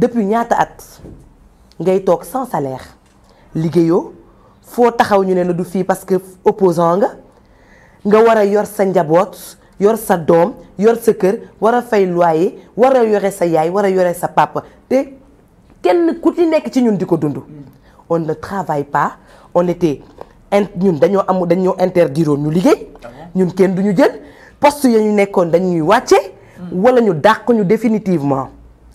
depuis ñaata at ngay tok sans salaire liggéeyoo fo taxaw ñu néna du fi parce que opposant nga nga wara yor sa njaboot yor sa dom yor sa kër wara fay loyer wara yoré sa yaay wara yoré sa papa té kenn ku ci nekk ci ñun di ko on ne travaille pas on était ñun dañoo am dañoo interdire ñu liggéey. ñun kenn duñu jël poste ya ñu nekkoon dañ hmm. wala ñu dàq ñu définitivement.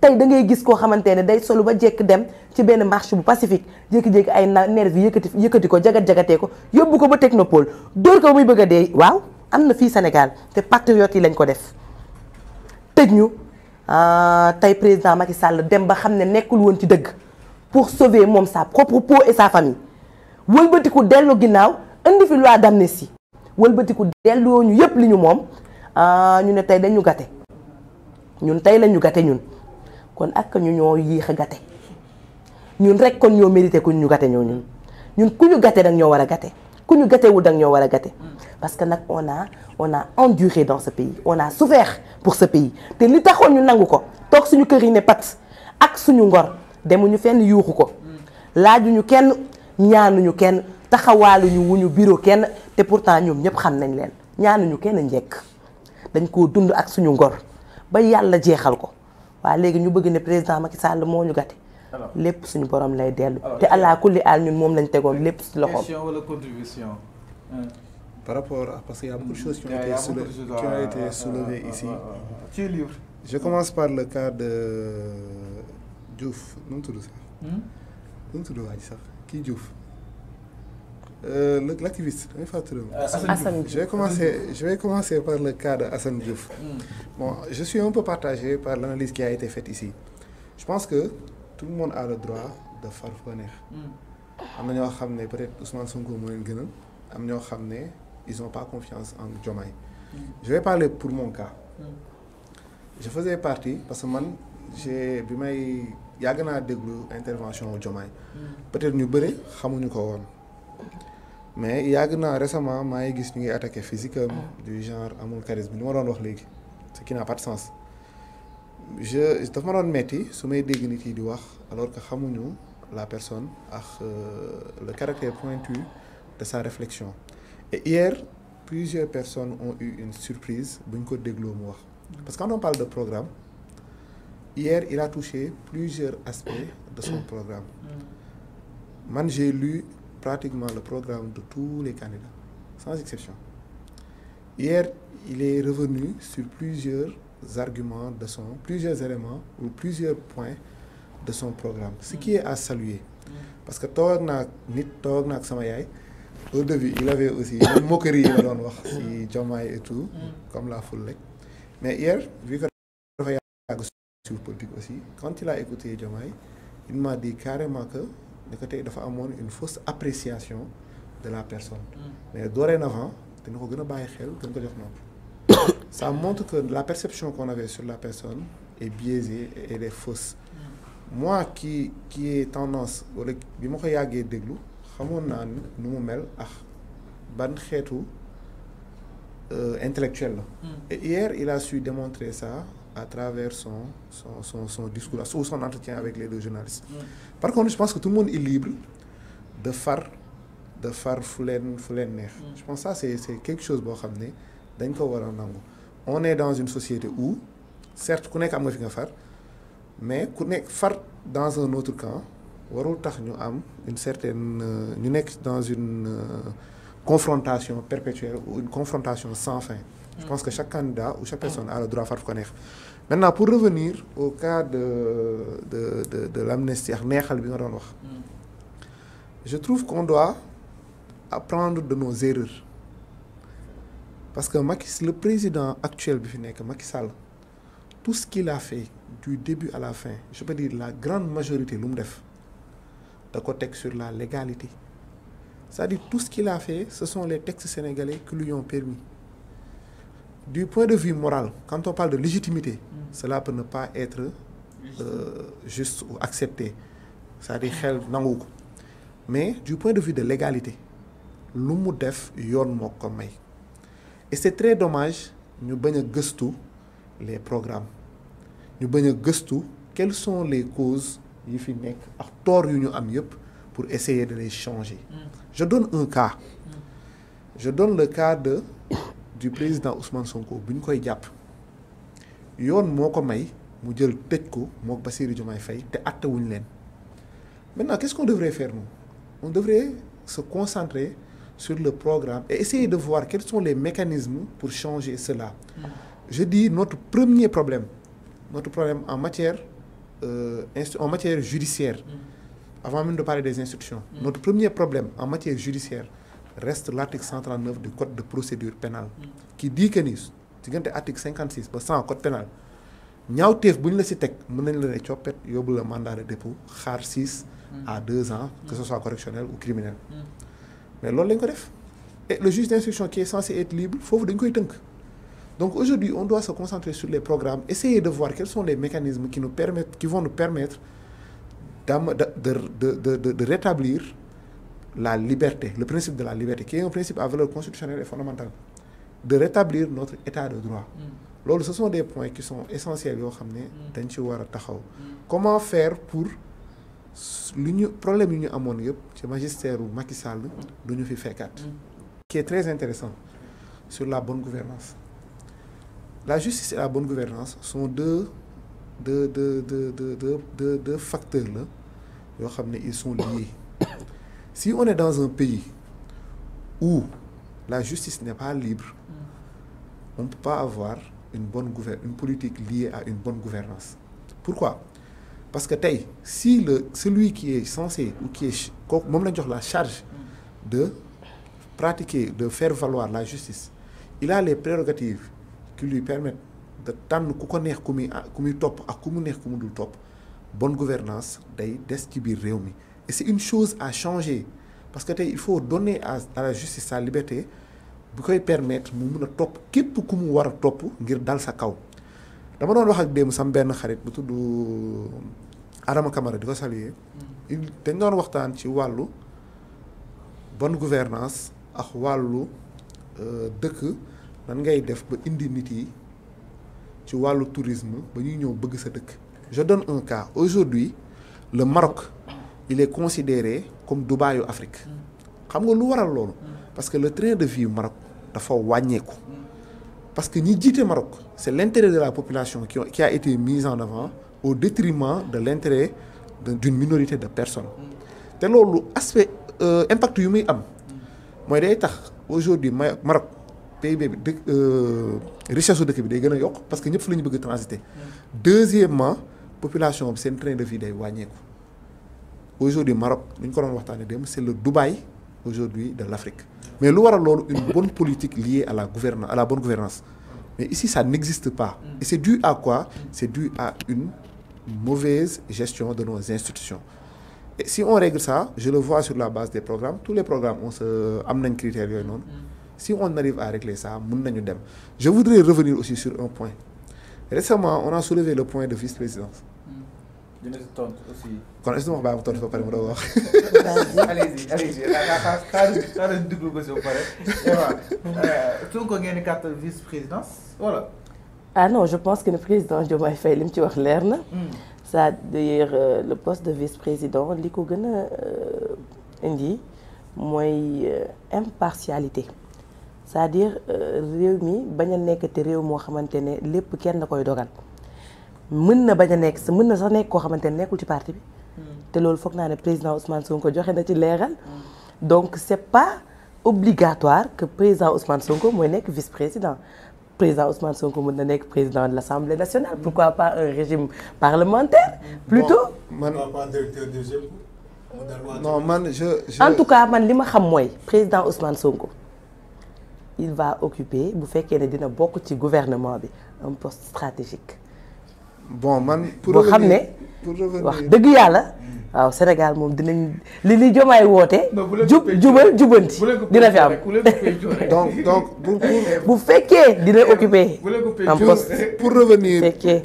tey da ngay gis koo xamante ne day solu ba jekk dem ci benn marche bu pacifique jékki-jékki ay nervi yëkkati yëkkati ko jagat jagatee ko yóbbu ko ba technopole dóor ko ba muy bëgg a dee waaw am na fii Sénégal te patriotes yi lañ ko def tëj ñu ah, tey président Macky Sall dem ba xam ne nekkul woon ci dëgg pour sauver moom sa propre peau et sa dellu ginnaaw indi fi loi d'amnistie wëlbatiku delloo ñu yépp li ñu moom ah, ñu ne tey dañu gate ñun tey lañu gate ñun kon ak ñu ñoo yéex a gate ñun rek kon ñoo mérité ku ñu gate ñoo ñun ñun ku ñu gate dang ñoo war a gate ku ñu gatewul dang ñoo war a gate parce que nag on a on a enduré dans ce pays on pour ce pays te li taxoon ñu nangu ko toog suñu kër yi ne pat ak suñu ngor demuñu fenn yuuxu ko laajuñu kenn ñaanuñu kenn taxawaaluñu wuñu bureau kenn te pourtant ñoom ñëpp xam nañ leen ñaanuñu kenn njekk dañ koo dund ak suñu ngor ba yàlla jeexal ko waaw léegi ñu bëgg ne président Macky Sall moo ñu gàtte lépp suñu borom lay dellu te allah kulli aal ñun moom lañ tegoon lépp si loxoom question la contribution hein? par rapport à parce qu'il y a beaucoup de choses qui ont été soulevées, qui ont été soulevées ici tu es libre je commence par le cas de Diouf Non mu tudd sax hmm? nu mu tudd Diouf euh, l'activiste, je vais, commencer, je vais commencer par le cas d'Assan Diouf. Mm. Bon, je suis un peu partagé par l'analyse qui a été faite ici. Je pense que tout le monde a le droit de faire mm. am ñoo peut être Ousmane Sonko ils n'ont pas confiance en Diomaye. Mm. je vais parler pour mon cas. je faisais partie parce que man j'ai bi may de naa déglu intervention que peut être ñu bëri xamuñu ko woon mais il naa récemment maa ngi gis ñu ngi attaqué physique du genre amul charisme ni ce qui n'a pas de sens je ma doon metti su alors que la personne ak euh, le caractère pointu de sa réflexion et hier plusieurs personnes ont eu une surprise buñ ko parce que quand on parle de programme hier il a touché plusieurs aspects de son mm. programme mm. man j'ai lu pratiquement le programme de tous les candidats, sans exception. Hier, il est revenu sur plusieurs arguments de son, plusieurs éléments ou plusieurs points de son programme, ce qui est à saluer. Parce que Togna, Nit au début, il avait aussi une moquerie, il voir et tout, comme la foule. Mais hier, vu que sur politique aussi, quand il a écouté Jomai, il m'a dit carrément que ndekete dafa a une fausse appréciation de la personne mm. mais dorénavant ça montre que la perception qu'on avait sur la personne est biaisée et elle est fausse mm. moi qui qui est tendance au bi ma ko yàggee déglu xamoon je nu mu mel ah ban euh, intellectuel mm. et hier il a su démontrer ça à travers son, son, son, discours ou son entretien avec les deux journalistes. Mm. Par contre, je pense que tout le monde est libre de faire de faire fulen mm. je pense que ça c'est c'est quelque chose boo xam comprendre. on est dans une société où certes on est am nga mais on dans un autre camp une certaine euh, dans une euh, confrontation perpétuelle ou une confrontation sans fin je mm. pense que chaque candidat ou chaque personne a le droit faire faire ko veut maintenant pour revenir au cas de de l'amnistie hmm. je trouve qu'on doit apprendre de nos erreurs parce que le président actuel tout ce qu'il a fait du début à la fin je peux dire la grande majorité de de def sur la légalité c'est-à-dire tout ce qu'il a fait ce sont les textes sénégalais qui lui ont permis. Du point de vue moral, quand on parle de légitimité, cela peut ne pas être euh, juste ou accepté. C'est-à-dire Mais du point de vue de l'égalité, l'umu yon moko Et c'est très dommage, nous bagnons pas... les programmes. Nous bagnons pas... quelles sont les causes pour essayer de les changer. Mm. Je donne un cas. Mm. Je donne le cas de du président Ousmane Sonko koy japp yoon moko may mu jël tej ko mok maintenant qu'est-ce qu'on devrait faire nous on devrait se concentrer sur le programme et essayer de voir quels sont les mécanismes pour changer cela mm. je dis notre premier problème notre problème en matière euh, en matière judiciaire mm. avant même de parler des institutions mm. notre premier problème en matière judiciaire reste l'article 139 du code de procédure pénale qui dit que nous vous diggante l'article 56 exemple, 100 code pénal nous avons ñu la mën mandat de dépôt de 6 à 2 mm. ans que ce soit correctionnel ou criminel mm. mais loolu est ko def et le juge d'instruction qui est censé être libre que vous le fassiez. donc aujourd'hui on doit se concentrer sur les programmes essayer de voir quels sont les mécanismes qui nous permettent qui vont nous permettre de rétablir la liberté, le principe de la liberté, qui est un principe à valeur constitutionnelle et fondamentale, de rétablir notre état de droit. Mm. ce sont des points qui sont essentiels. Mm. Mm. Comment faire pour le problème que nous avons, c'est le magistère ou Macky Sall, nous qui est très intéressant sur la bonne gouvernance. La justice et la bonne gouvernance sont deux, deux, facteurs là, ils sont liés. Si on est dans un pays où la justice n'est pas libre, on ne peut pas avoir une, bonne une politique liée à une bonne gouvernance. Pourquoi Parce que si celui qui est censé ou qui est la charge de pratiquer, de faire valoir la justice, il a les prérogatives qui lui permettent de faire valoir ko comme top bonne gouvernance day et c'est une chose à changer parce que il faut donner à la justice sa liberté bu koy permettre mu mun a topp képp ku top pour a topp ngir dal sa kaw dama doon wax ak démb sam benn xarit bu il euh, Adama Camara di ko saluer mm-hmm. dañ doon waxtaan ci wàllu bonne gouvernance ak wàllu euh, dëkk nan ngay def ba indi nit yi ci tourisme ba ñuy ñëw bëgg sa je donne un cas aujourd'hui le Maroc il est considéré comme Dubaï ou Afrique ce nga lu waral dire parce que le train de vie Maroc il dafa wàññeeku parce que nous, jiite Maroc c'est l'intérêt de la population qui qui a été mise en avant au détriment de l'intérêt d'une minorité de personnes te loolu aspect euh, impact yu muy am mooy day tax aujourd'hui Maroc PIB euh, richesse de dëkk bi day parce que ñëpp le transiter mm. deuxièmement population c'est un train de vie day wàññeeku aujourd'hui Maroc c'est le Dubaï aujourd'hui de l'Afrique mais il y une bonne politique liée à la gouvernance à la bonne gouvernance mais ici ça n'existe pas et c'est dû à quoi c'est dû à une mauvaise gestion de nos institutions et si on règle ça je le vois sur la base des programmes tous les programmes on se un critère critères si on arrive à régler ça je voudrais revenir aussi sur un point récemment on a soulevé le point de vice-présidence dina tontu kon est ce que ma wax baaxul tontu ba pare mu doog wax. allez-y allez-y xaaral xaaral déglu ko si ba pare. waaw Sonko ngeen di carte vice présidence voilà. ah non je pense que le président Diomaye Faye li mu ci wax leer na. c'est-à-dire le poste de vice président li ko gën a indi mooy impartialité. c'est-à-dire réew mi bañ a nekk te réew moo xamante ne lépp kenn koy dogal mën na bañ a nekk mën na sax nekk koo xamante ne nekkul ci parti bi. Hmm. te loolu foog naa ne président Ousmane Sonko joxe na ci leeral. Hmm. donc c' est pas obligatoire que président Ousmane Sonko mooy nekk vice président. président Ousmane Sonko mën na nekk président de l'Assemblée nationale hmm. pourquoi pas un régime parlementaire. plutôt man non man je je. en tout cas man li ma xam mooy président Ousmane Sonko. il va occuper bu fekkee ne dina bokk ci gouvernement bi un poste stratégique bon man pour revenir... xam ne wax dëgg yàlla Au Sénégal moom dinañ li li jomaay woote. Jubel, jubel, jubanti dina fi am. donc donc pour bu Vous dina occupé. am poste pour revenir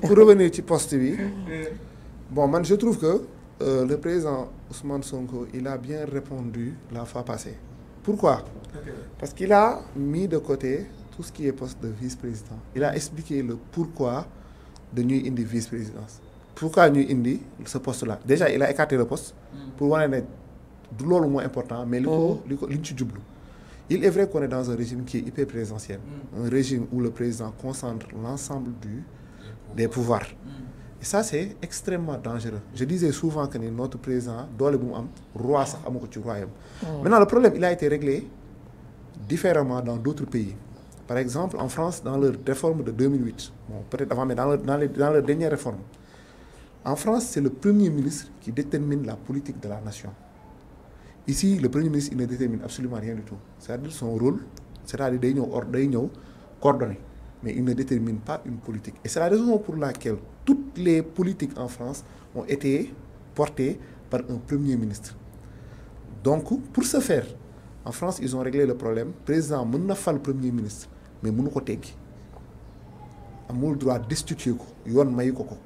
pour revenir ci poste bi eh. bon man je trouve que euh, le président Ousmane Sonko il a bien répondu la fois passée. Pourquoi Parce qu'il a mis de côté tout ce qui est poste de vice-président. Il a expliqué le pourquoi de nuit indi vice présidence pourquoi New indi ce poste là déjà il a écarté le poste pour voir un du le moins important mais li oh. il est vrai qu'on est dans un régime qui est hyper présidentiel mm. un régime où le président concentre l'ensemble du des pouvoirs mm. et ça c'est extrêmement dangereux je disais souvent que notre président doit bu roi oh. maintenant le problème il a été réglé différemment dans d'autres pays par exemple, en France, dans leur réforme de 2008, bon, peut-être avant, mais dans leur, dernière réforme, en France, c'est le Premier ministre qui détermine la politique de la nation. Ici, le Premier ministre, ne détermine absolument rien du tout. C'est-à-dire son rôle, c'est-à-dire coordonner. Mais il ne détermine pas une politique. Et c'est la raison pour laquelle toutes les politiques en France ont été portées par un Premier ministre. Donc, pour ce faire, en France, ils ont réglé le problème. Le président le Premier ministre, mais mënu ko teggi amul droit destituer ko yoon mayu ko ko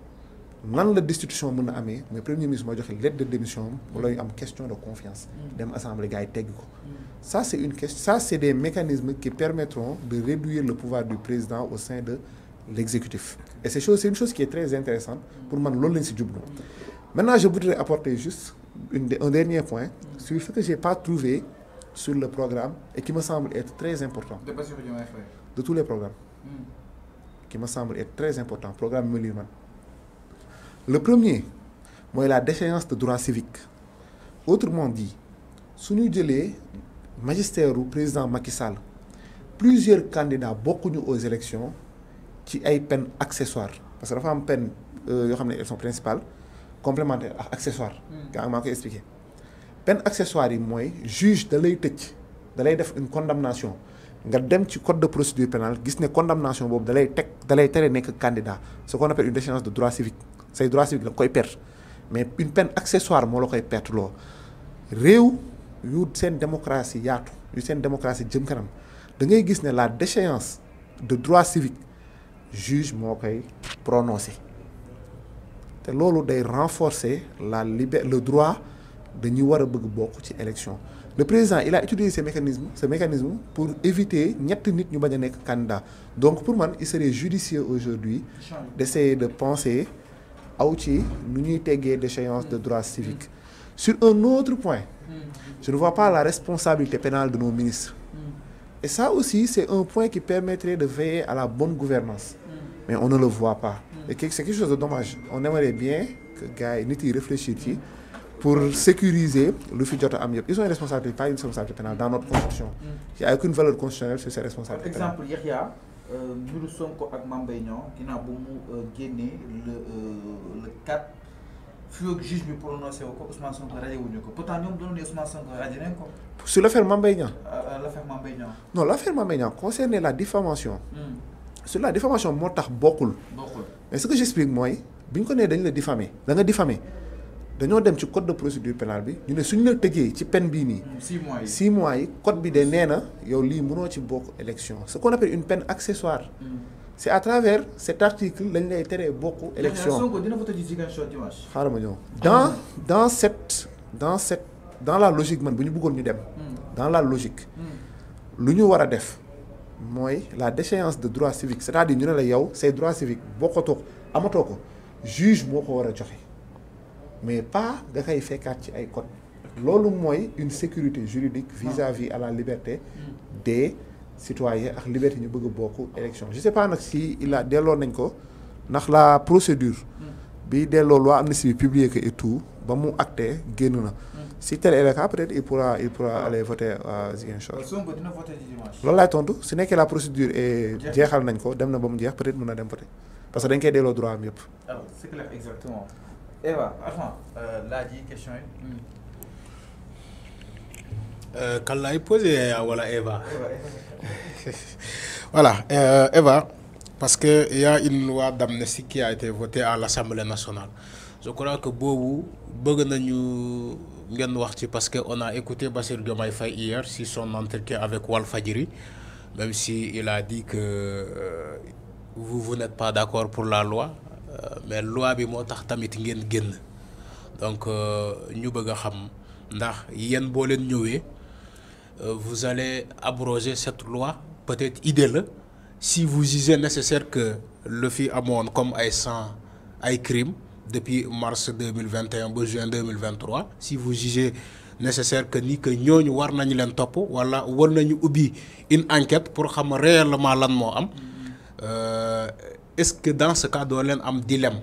nan la destitution mën a amee premier ministre mooy joxe lettre de démission am question de confiance mm. dem assemblée gars yi ko mm. ça c'est une ça c'est des mécanismes qui permettront de réduire le pouvoir du président au sein de l'exécutif et c'est c'est une chose qui est très intéressante pour man maintenant je voudrais apporter juste un dernier point sur ce que j'ai pas trouvé sur le programme et qui me semble être très important de tous les programmes, qui me semble être très important, programme Muliman. Le premier, moi, la déchéance de droits civiques. Autrement dit, sous nous avons magistère ou président Macky Sall, plusieurs candidats, beaucoup aux élections, qui ont peine accessoire. Parce que la femme peine, euh, elles sont principales, complémentaires, accessoires, car je expliqué. Peine accessoire, moi, juge de l'éthique, de une condamnation nga dem ci code de procédure pénale gis ne condamnation boobu dalay teg dalay tere nekk candidat ce qu'on appelle une déchéance de droit civique say droit civique la koy mais une peine accessoire moo la koy perte loo réew yu seen démocratie yaatu yu seen démocratie jëm kanam da ngay gis ne la déchéance de droit civique juge moo koy prononcé te loolu day renforcer la liberté le droit de war a bëgg bokk ci élection le président il a utilisé ces mécanismes ce mécanisme pour éviter n'importe nit ñu candidat donc pour moi, il serait judicieux aujourd'hui d'essayer de penser à outil, l'unité déchéance de droits civiques sur un autre point je ne vois pas la responsabilité pénale de nos ministres et ça aussi c'est un point qui permettrait de veiller à la bonne gouvernance mais on ne le voit pas et c'est quelque chose de dommage on aimerait bien que gars y réfléchisse pour sécuriser le futur de yëpp ils ont une responsabilité pas une responsabilité pénale dans notre constitution il n'y a aucune valeur constitutionnelle sur ces responsabilités Par exemple euh, il nous Sonko ak sommes Mbaye Niang ginnaaw mu euh, le euh, le 4 juge prononcé au ko Ousmane Sonko radié de ko pourtant ñom doon ne Ousmane Sonko radio. ko. sur l'affaire Mame l'affaire non l'affaire Mame concernait la diffamation. Hmm. sur la diffamation motax bokul mais ce que j'explique moi, bi ko né diffamés, la diffamer, da nga diffamé dañoo dem ci code de procédure pénale bi ñu ne suñu la tëjee ci peine bii nii. 6 hmm, mois yi 6 mois yi code bi de nee na yow lii mënoo ci bokk élection ce qu'on appelle une peine accessoire. Hmm. c' est à travers cet article lañ lay teree bokk. élection xaaral ma ñëw dans dans cette dans cette dans la logique man bu ñu bëggoon ñu dem. Hmm. dans la logique. lu ñu war a def mooy la déchéance de droit civique c' est à dire ñu ne la yow say droit civique bokkatoo ko amatoo ko juge moo ko war a joxe mais pas de koy fekkaat ci ay code loolu une sécurité juridique vis-à-vis à la liberté des citoyens ak liberté ñu bëgg élections élection je sais pas si il a dès nañ ko ndax la procédure bi lors loi amnistie publié que et tout ba mu acté génn si tel est le cas peut-être il pourra il pourra aller voter à Ziguinchor loolu laay ce n'est que la procédure et déjà nañ ko dem na ba mu jeex peut-être mën na dem voter parce que dañ koy delloo droit à mieux c'est clair exactement Eva avant euh, hmm. euh, l'a dit, question Euh, kan l'a posé voilà Eva. voilà Eva parce que il y a une loi d'amnistie qui a été votée à l'Assemblée nationale je crois que beaucoup beaucoup parce que on a écouté Basir Diomaye hier si son entretien avec Fadjiri, même si il a dit que euh, vous vous n'êtes pas d'accord pour la loi euh, mais la loi bi moo tax tamit ngeen donc nous euh, bëgg a xam ndax yéen boo leen euh, vous allez abroger cette loi peut-être idéale, si vous jugez nécessaire que le fi amoon comme ay sang ay crime depuis mars 2021 ba juin 2023 si vous jugez nécessaire que ni que ñooñu war nañu leen topp wala war nañu une enquête pour xam réellement lan moo am est-ce que dans ce cas doo leen am dilemme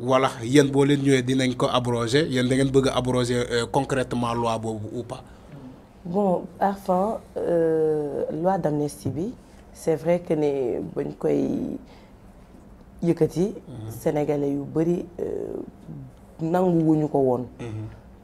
wala yéen boo leen ñëwee dinañ ko abroger yéen da ngeen bëgg a abroger euh, concrètement loi boobu ou pas. bon parfois, euh, loi d'amnistie bi c'est vrai que ne bañ koy yëkkati. Mhm. sénégalais yu bëri euh, nanguwuñu ko woon. Mhm.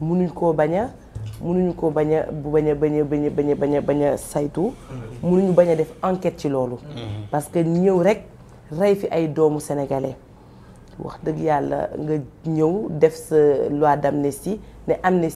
munuñ ko baña a munuñu koo bañ a baña baña baña baña baña saytu munuñu bañ def enquête ci lolu mhm. parce que ñew rek ray fi ay doomu sénégalais wax deug yalla nga ñew def sa loi d'amnistie ne amnistie